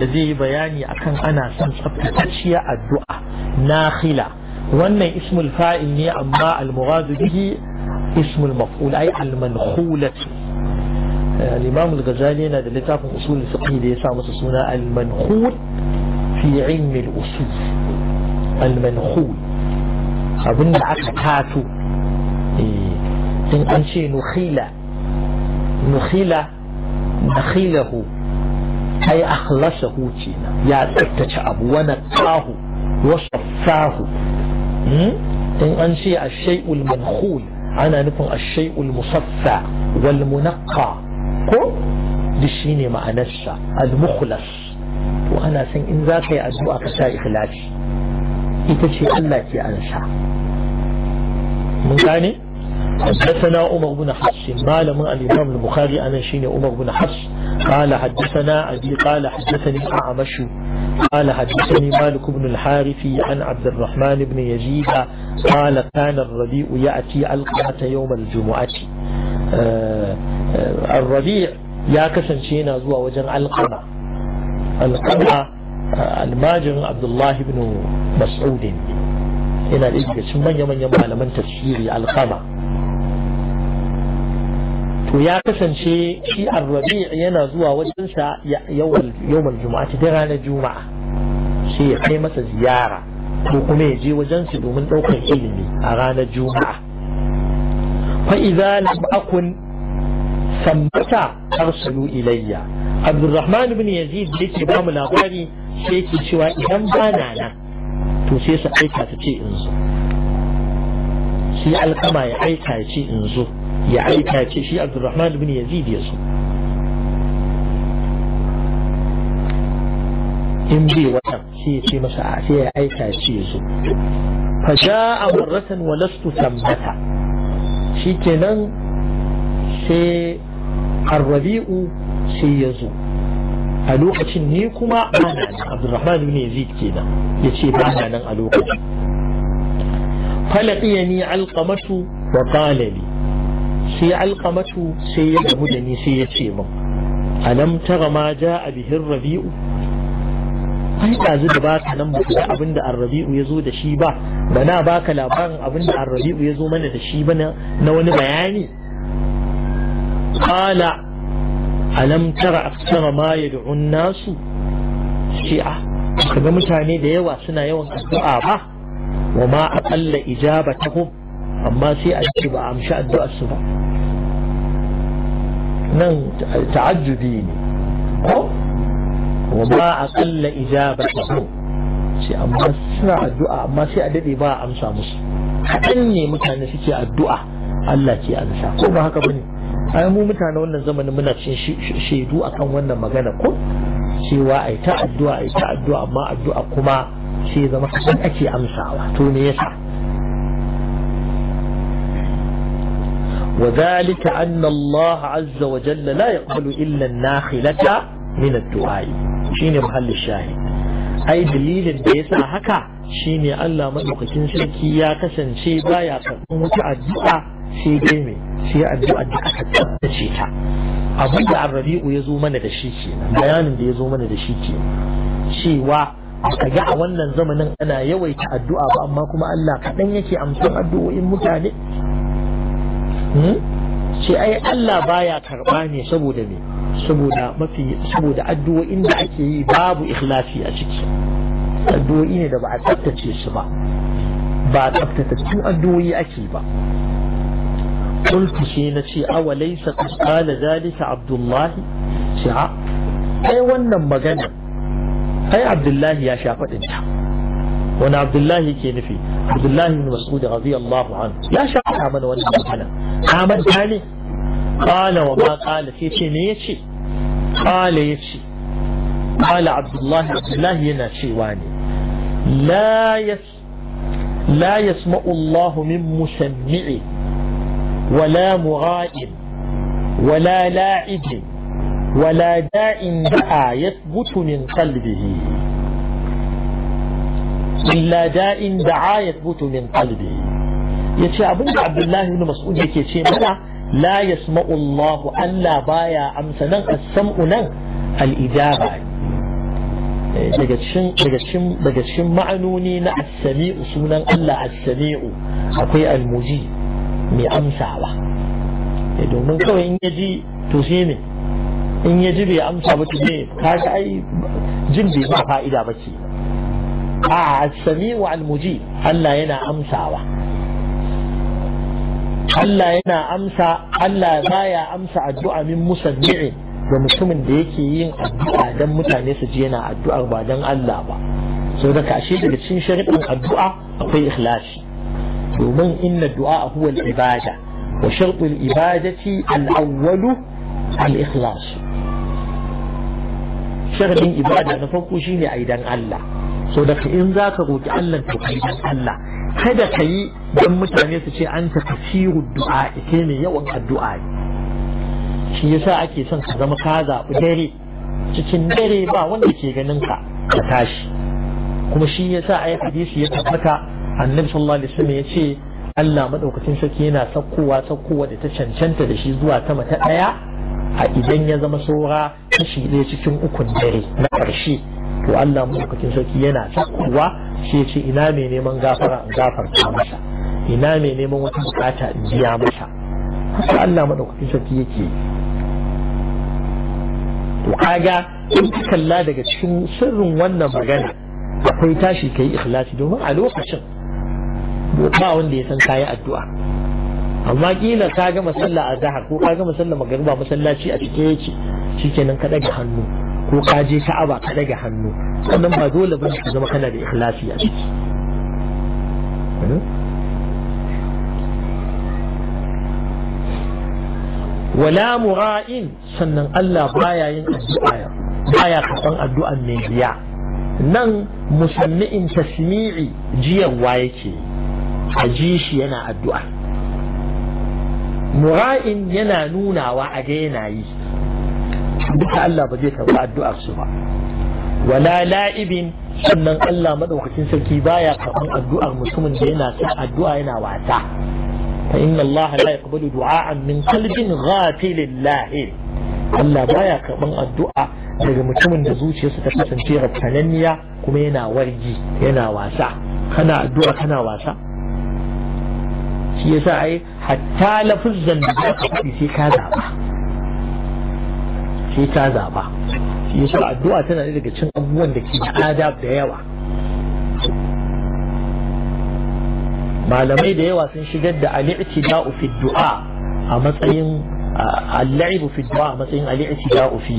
da zai yi bayani akan ana son tsaftatacciya addu'a nakhila wannan ismul fa'il ne amma al-muradu bihi ismul maf'ul ay al-mankhulatu al-imam al-ghazali yana da littafin usul fiqh da ya sa masa suna al-mankhul fi ilmi al-usul al-mankhul abinda aka tato in an ce nukhila nukhila nakhilahu ai akhlasahu kenan ya tsaftace abu wa naqahu wa saffahu hmm? in an ce ash manhul ana nufin ash-shay'ul musaffa wal munaqqa ko duk shine ma'anarsa al-mukhlas to ana san in za ka yi addu'a ka sa ikhlasi ita ce Allah ke ansa mun gane حدثنا عمر بن حفص ما لم الإمام البخاري أنا شيني عمر بن حفص قال حدثنا أبي قال حدثني أعمش قال حدثني مالك بن الحارث عن عبد الرحمن بن يزيد قال كان الربيع يأتي القمة يوم الجمعة آه آه الربيع يا كسن شينا زوا وجن القمة القمة آه الماجر عبد الله بن مسعود هنا الإجابة ثم يمن يمن على من تفسير القمة to ya kasance shi arrabi yana zuwa wajensa yawan juma'a ta ranar juma'a sai ya kai masa ziyara ko kuma ya je wajensa domin ɗaukar ilimi a ranar juma'a fa idza lam akun sammata arsalu ilayya abdurrahman ibn yazid yake ba mu labari sai yake cewa idan bana nan to sai su aika ta ce in zo shi alkama ya aika ya ce in zo ya aika ce shi abdurrahman bin yazid ya so in bai watan sai ce masa a sai ya aika shi ya so fa ja'a marratan wa lastu thammata shikenan sai arrabi'u sai ya zo a lokacin ne kuma bana nan abdurrahman bin yazid kenan yace bana nan a lokacin falaqiyani alqamatu wa qala li sai alkamatu sai ya gamu da ni sai ya ce min alam tara ma a bihin rabi'u ai dazu da baka nan ba da abinda rabiu ya zo da shi ba bana baka labarin abinda ar-rabi'u ya zo mana da shi ba na wani bayani qala alam tara aktsara ma yad'u an-nasu shi'a ah, kaga mutane da yawa suna yawan addu'a ba wa ma aqalla ijabatahum amma sai a ce ba amshi addu'ar su ba nan ta'ajjubi ne ko wa ba a kalla ijaba sai amma suna addu'a amma sai a dade ba a amsa musu kaɗan ne mutane suke addu'a Allah ke amsa ko ba haka bane ai mu mutane wannan zamanin muna cin shaidu akan wannan magana ko cewa ai ta addu'a ai ta addu'a amma addu'a kuma sai zama kaɗan ake amsawa to me yasa وذلك أن الله عز وجل لا يقبل إلا الناخلة من الدعاء شيني محل الشاهد أي دليل بيسا هكا شيني ألا مدوكتين سلكي يا كسن شي بايا كمتع الدعاء شي جيمي شي الدعاء دعاء تشيتا abin da arrabi'u ya zo mana da shi ke bayanin da ya zo mana da shi ke cewa a ga a wannan zamanin ana yawaita addu'a ba amma kuma Allah kaɗan yake amsan addu'o'in mutane ce hmm? ai Allah baya karba ne saboda me saboda mafi saboda addu'o'in da ake yi babu ikhlasi a ciki addu'o'i ne da ba a tsaftace su ba ba tsaftatattun addu'o'i ake ba qultu shi na ce awa laisa qala zalika abdullahi ce a kai wannan magana ai abdullahi ya sha faɗin ta wani abdullahi ke nufi abdullahi bin mas'ud radiyallahu an ya sha faɗa mana wannan magana ka manta ne kala wa ma kala ke ce me kala ya ce kala abdullahi abdullahi yana cewa ne la yas لا يسمع الله من مسمع ولا مغائب wala da'in ولا داء دعا يثبت من قلبه illa da'in da'a yathbutu min qalbi yace abinda Abdullahi ibn Mas'ud yake ce mana la yasma'u Allah Allah baya amsa nan as-sam'u nan al-ijaba eh, daga cikin daga cikin daga cikin ma'anoni na as-sami'u sunan Allah as-sami'u akwai al-muji mai amsawa eh, domin kawai in yaji to sai me in yaji bai amsa ba to ne kaga ai jin bai ba fa'ida ba ce a sami'u al-muji Allah yana amsawa Allah yana amsa Allah baya amsa addu'a min musaddi'in ga mutumin da yake yin addu'a dan mutane su ji yana addu'ar ba dan Allah ba so da kashe daga cikin sharuɗin addu'a akwai ikhlasi domin inna du'a huwa al-ibada wa shartul ibadati al-awwalu al-ikhlas sharuɗin ibada na farko shine aidan Allah so da in za ka roƙi Allah to kai dan Allah kada ka yi don mutane su ce an ta kasiru du'a kai ne yawan addu'a shi yasa ake son ka zama ka zaɓi dare cikin dare ba wanda ke ganin ka ka tashi kuma shi yasa ayi hadisi ya tabbata annabi sallallahu alaihi wasallam ya ce Allah madaukakin sarki yana sakkowa sakkowa da ta cancanta da shi zuwa sama ta ɗaya a idan ya zama saura kashi ɗaya cikin ukun dare na ƙarshe to Allah madaukakin sarki yana sakkowa shi ce ina mai neman gafara in gafarta masa ina mai neman wata bukata in biya masa haka Allah madaukakin sarki yake to kaga in ka kalla daga cikin sirrin wannan magana akwai tashi kai ikhlasi domin a lokacin ba wanda ya san kayi addu'a amma kila ka gama sallah a zahar ko ka ga masalla magariba masallaci a cike yake shikenan ka ɗaga hannu ko ka je sha'aba ka daga hannu sannan ba dole ba ka zama kana da ikhlasi a ciki wala mura'in sannan Allah baya yin addu'a baya karban addu'an mai biya nan musammi'in tasmi'i jiyarwa yake a ji shi yana addu'a mura'in yana nunawa a ga yana yi duka Allah ba zai karɓi addu'ar su ba wala la'ibin sannan Allah madaukakin sarki baya karɓan addu'ar mutumin da yana sa addu'a yana wata fa inna Allah la yaqbalu du'a'an min qalbin ghafilin lahil Allah baya karɓan addu'a daga mutumin da zuciyarsa ta kasance rafsananniya kuma yana wargi yana wasa kana addu'a kana wasa shi yasa ai hatta lafuzzan da ka faɗi sai ka zaba sai ta zaba shi yasa addu'a tana daga cin abubuwan da ke da da yawa malamai da yawa sun shigar da al'itida'u fi du'a a matsayin al-la'ibu fi du'a a matsayin al'itida'u fi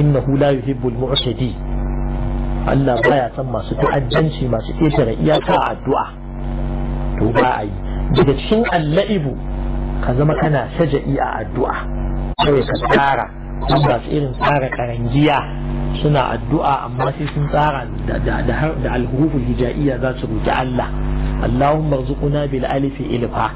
innahu la yuhibbul mu'tadi Allah baya son masu ta'addanci masu ƙetare iyaka a addu'a to ba a yi daga cikin al ka zama kana shaja'i a addu'a kawai ka tsara sun ba su irin tsara karangiya suna addu'a amma sai sun tsara da alhuhul hija'iyya za su roƙi Allah Allahun marzukuna bil alifi ilfa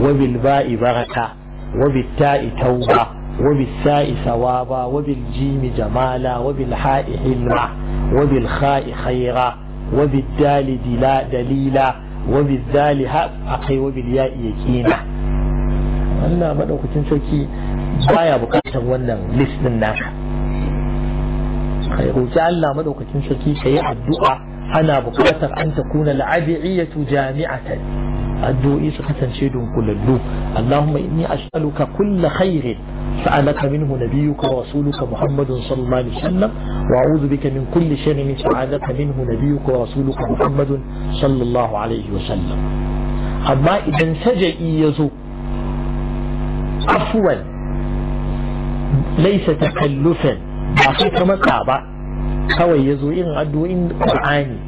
wa bil ba'i baraka wa bil ta'i tauba wa bil sa'i sawaba wa bil jimi jamala wa bil ha'i ilma ha bil kha'i khaira wa bil dali dalila wa bil dali akai wa bil ya'i yaqina Allah madaukakin sarki baya bukatar wannan list din naka kai roki Allah madaukakin sarki kayi addu'a ana bukatar an takuna jami'a jami'atan addu'o'i su kasance dunkulallu Allahumma inni as'aluka kulla khairin سألك منه نبيك ورسولك محمد صلى الله عليه وسلم وأعوذ بك من كل شر سألك منه نبيك ورسولك محمد صلى الله عليه وسلم أما إذا سجئ يزو عفوا laisa takallufan ba sai ka matsa ba kawai ya zo irin addu'o'in qur'ani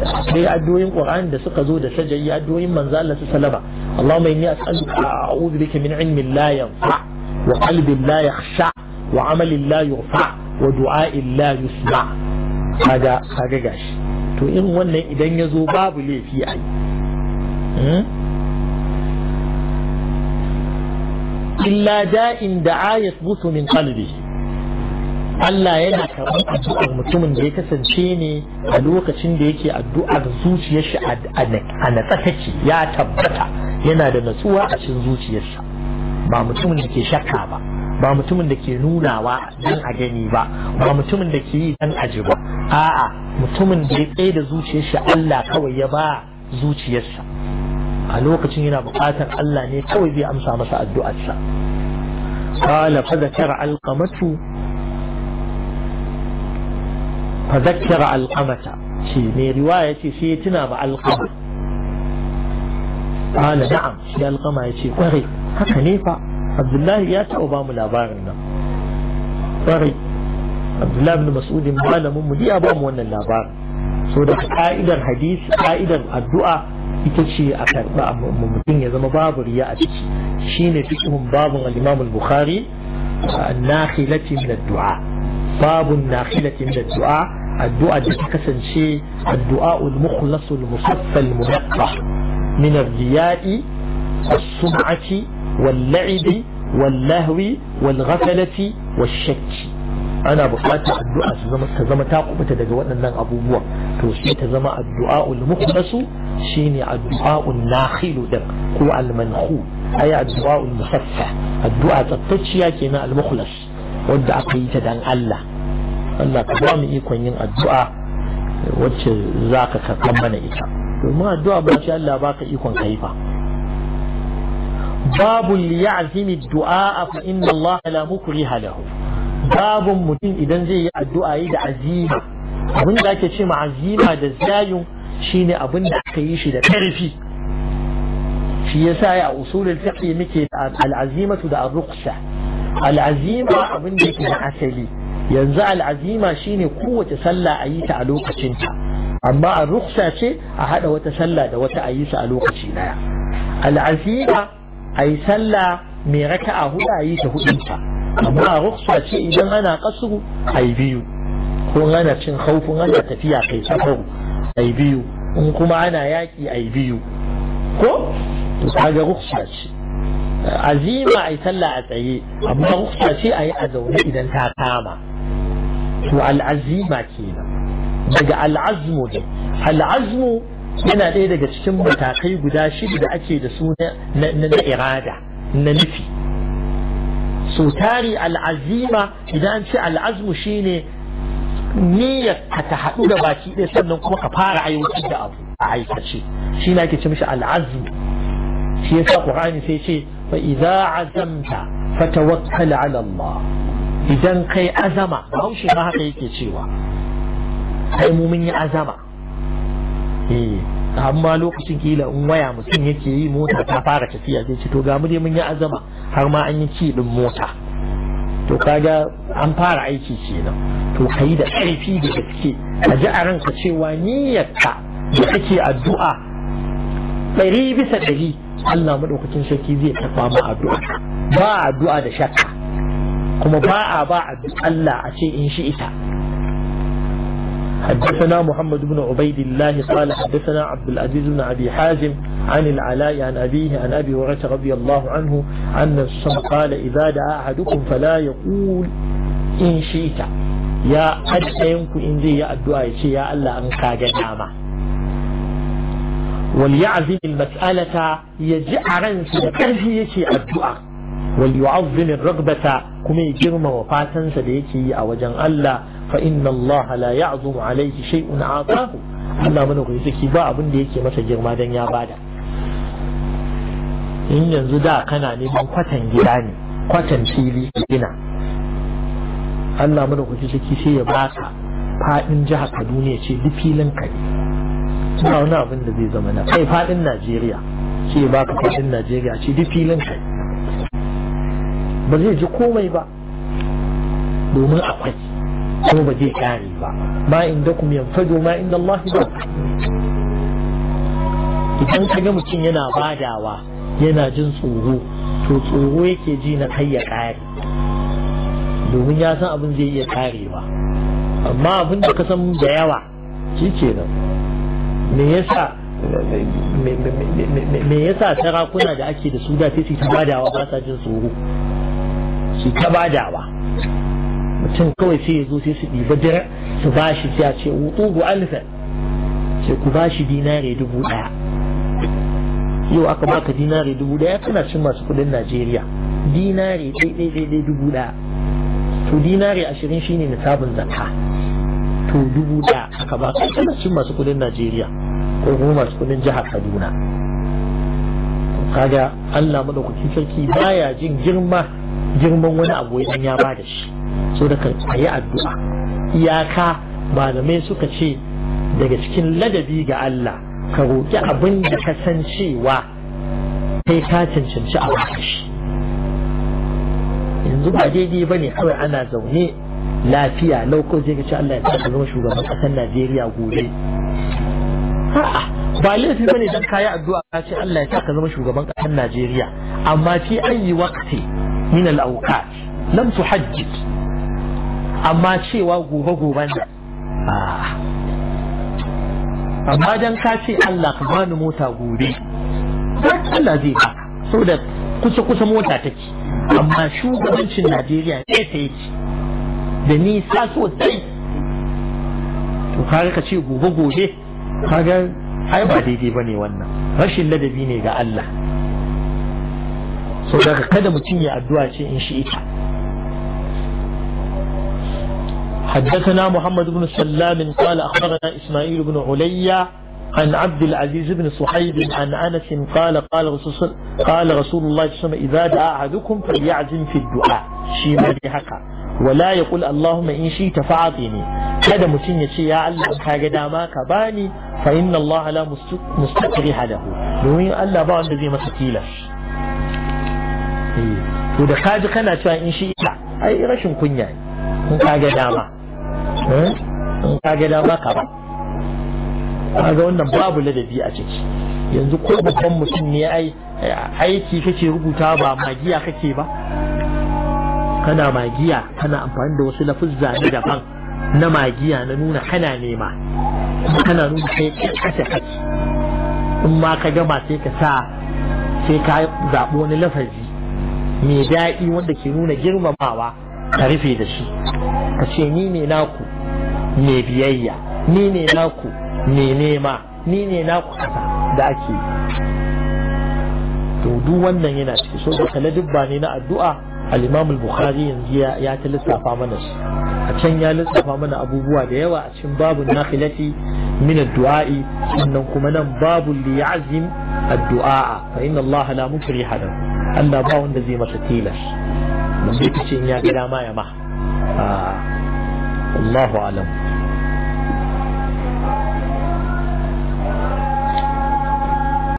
akwai addu'o'in qur'ani da suka zo da sajayi addu'o'in manzo Allah sallama Allahumma inni as'aluka a'udhu bika min ilmin la yanfa wa qalbin la yakhsha wa amalin la yurfa wa du'a'in la yusma kaga kaga gashi to irin wannan idan ya zo babu laifi ai illa da'in da'a yasbutu min qalbihi Allah yana karɓar addu'ar mutumin da ya kasance ne a lokacin da yake addu'ar zuciyar shi a natsa take ya tabbata yana da natsuwa a cikin zuciyarsa ba mutumin da ke shakka ba ba mutumin da ke nunawa dan a gani ba ba mutumin da ke yi dan aji ba a'a mutumin da ya tsaye da zuciyar shi Allah kawai ya ba zuciyarsa a lokacin yana buƙatar Allah ne kawai zai amsa masa addu'arsa qala fa zakara alqamatu fa zakara alqamata shi ne riwaya ce sai ya tuna ba alqama qala na'am shi alqama ya ce kwarai. haka ne fa Abdullahi ya taɓa ba mu labarin nan Kwarai. Abdullahi ibn Mas'udin malamin mu ya ba mu wannan labarin so da ka'idar hadisi ka'idar addu'a ita ce a karɓa mutum ya zama babu riya a ciki shine fiqhun babun al-Imam al-Bukhari an-nakhilati min ad babun na nakhilati min ad-du'a addu'a da ta kasance addu'a al-mukhlas al-musaffa al-munaqqa min ar-riya'i as-sum'ati wal-la'ibi wal-lahwi wal-ghaflati wash-shakki ana buƙatar addu'a ta zama ta kubuta daga waɗannan abubuwan to sai ta zama addu'a ul-mukhlasu shine addu'a'un nakhilu din ko al-manhu ay addu'a'un musaffa addu'a tsaftaciya kenan al-mukhlas wanda aka yi ta dan Allah Allah ka ba mu ikon yin addu'a wacce zaka karɓar mana ita domin addu'a ba shi Allah baka ikon kai fa باب ليعزم الدعاء فإن الله لا مكره له باب متين إذا زي الدعاء إذا abin da ake ce ma azima da zayun shine abin da aka yi shi da ƙarfi shi yasa ya usulul fiqh muke al'azimatu da ar-ruqsa al'azima abin da yake da asali yanzu al'azima shine kowace sallah a yi ta a lokacinta amma a ruksa ce a haɗa wata sallah da wata a yi su a lokaci daya al'azima a yi sallah mai raka a hudu a yi ta hudunta amma a ruksa ce idan ana kasu a yi biyu ko ana cin haufin ana tafiya kai safaru ai biyu in kuma ana yaƙi ai biyu ko to kaga rukhsa ce azima ai sallah a tsaye amma ruksa ce ai a zaune idan ta kama to al'azima kenan daga al'azmu al'azmu yana ɗaya daga cikin matakai guda shida da ake da su na irada na nufi so tari al'azima idan ce al'azmu shine niyyar ka ta haɗu da baki ɗaya sannan kuma ka fara aiwatar da abu a aikace shi na ke ce mishi al'azm shi sa ƙur'ani sai ce fa idza azamta fatawakkal ala Allah idan kai azama haushe ma haka yake cewa kai mu mun yi azama eh amma lokacin kila in waya mutum yake yi mota ta fara tafiya zai ce to ga mu dai mun yi azama har ma an yi ci din mota to kaga an fara aiki kenan to yi da ƙarfi da gaske a ji a ranka cewa niyyarka da kake addu'a ɗari bisa ɗari Allah maɗaukacin sarki zai taɓa ma addu'a ba addu'a da shakka kuma ba a ba Allah a ce in shi ita حدثنا محمد بن عبيد الله قال حدثنا عبد العزيز بن ابي حازم عن العلاء عن أبيه عن أبي هريرة رضي الله عنه أن الصم قال إذا دعا أحدكم فلا يقول إن شئت يا أدعينك إن ذي الدعاء يا الله أنك جنامة وليعزم المسألة يجعل سنكره الدعاء وليعظم الرغبة كما يجرم وفاتا سديكي أو جن الله فإن الله لا يعظم عليه شيء أعطاه Allah mana ku yi ba abin da yake masa girma dan ya bada in yanzu da kana neman kwatan gida ne kwatan fili gina Allah mana kuci ciki sai ya baka fadin jihar Kaduna ya ce duk filin ka ne Ina wani abin da zai zama na kai fadin Najeriya sai ya baka fadin Najeriya ce duk filin ka ba zai ji komai ba domin akwai kuma ba zai kare ba ma inda kuma fado ma inda Allah ba idan ka ga mutum yana badawa yana jin tsoro to tsoro yake ji na kai ya kare domin ya san abin zai iya karewa amma abin da ka san da yawa shi ke nan me yasa me yasa sarakuna da ake da su da sai su ta badawa ba sa jin tsoro su ta badawa mutum kawai sai ya zo sai su ɗiba dira su ba shi sai ce wutu bu alifar sai ku ba shi dinare dubu ɗaya yau aka baka dinari dubu daya kana cin masu kudin najeriya dinari ɗaiɗaiɗaiɗai dubu daya to dinari ashirin shine sabon zakka to dubu daya aka baka kana cin masu kudin najeriya ko kuma masu kudin jihar kaduna kaga allah madaukakin sarki baya jin girma girman wani abu idan ya bada shi so da a yi addu'a iyaka malamai suka ce daga cikin ladabi ga allah ka roƙi abin da ka san cewa kai ka cancanci a baka shi yanzu ba daidai ba ne kawai ana zaune lafiya lauko zai ce Allah ya sa ka zama shugaban ƙasar Najeriya gobe a'a ba laifi ba ne don kayi addu'a ka ce Allah ya sa ka zama shugaban ƙasar Najeriya amma fi ayi wakati min al-awqat lam tuhajjid amma cewa gobe goben a amma dan ka ce Allah ka bani mota gobe Allah zai ba so da kusa kusa mota take amma shugabancin Najeriya ne ta yi da ni sa nisa sosai to kare ka ce gobe gobe kaga ai ba daidai bane wannan rashin ladabi ne ga Allah so daga kada mutum ya addu'a ce in shi ita حدثنا محمد بن سلام قال أخبرنا إسماعيل بن عليا عن عبد العزيز بن صحيب عن أنس قال قال رسول, قال رسول الله صلى الله عليه وسلم إذا دعا أحدكم فليعزم في الدعاء شيء ما حقا ولا يقول اللهم إن شئت فأعطني هذا متن ya يا الله Allah ka ga dama ka bani fa inna Allah la mustaqri halahu domin Allah ba wanda zai masa tilas to da kaji in ka ga dama eh? in ka ga dama ka ba ga wannan babu ladabi a ciki yanzu ko babban mutum ne ai aiki kake rubuta ba magiya kake ba kana magiya kana amfani da wasu lafuzza na daban na magiya na nuna kana nema kana nuna kai kace kace in ma ka gama sai ka sa sai ka zaɓi wani lafazi mai daɗi wanda ke nuna girmamawa ka rufe da shi ka ce ni ne naku mai biyayya ni ne naku mai nema ni ne naku kaza da ake to duk wannan yana ciki so da dubba ne na addu'a al-Imam al-Bukhari yanzu ya ta lissafa mana su a can ya lissafa mana abubuwa da yawa a cikin babu nafilati min ad-du'a'i sannan kuma nan babu li ya'zim ad-du'a fa inna Allah la mukriha Allah ba wanda zai masa tilas sai ya ga dama ya ma ah, Allahu alam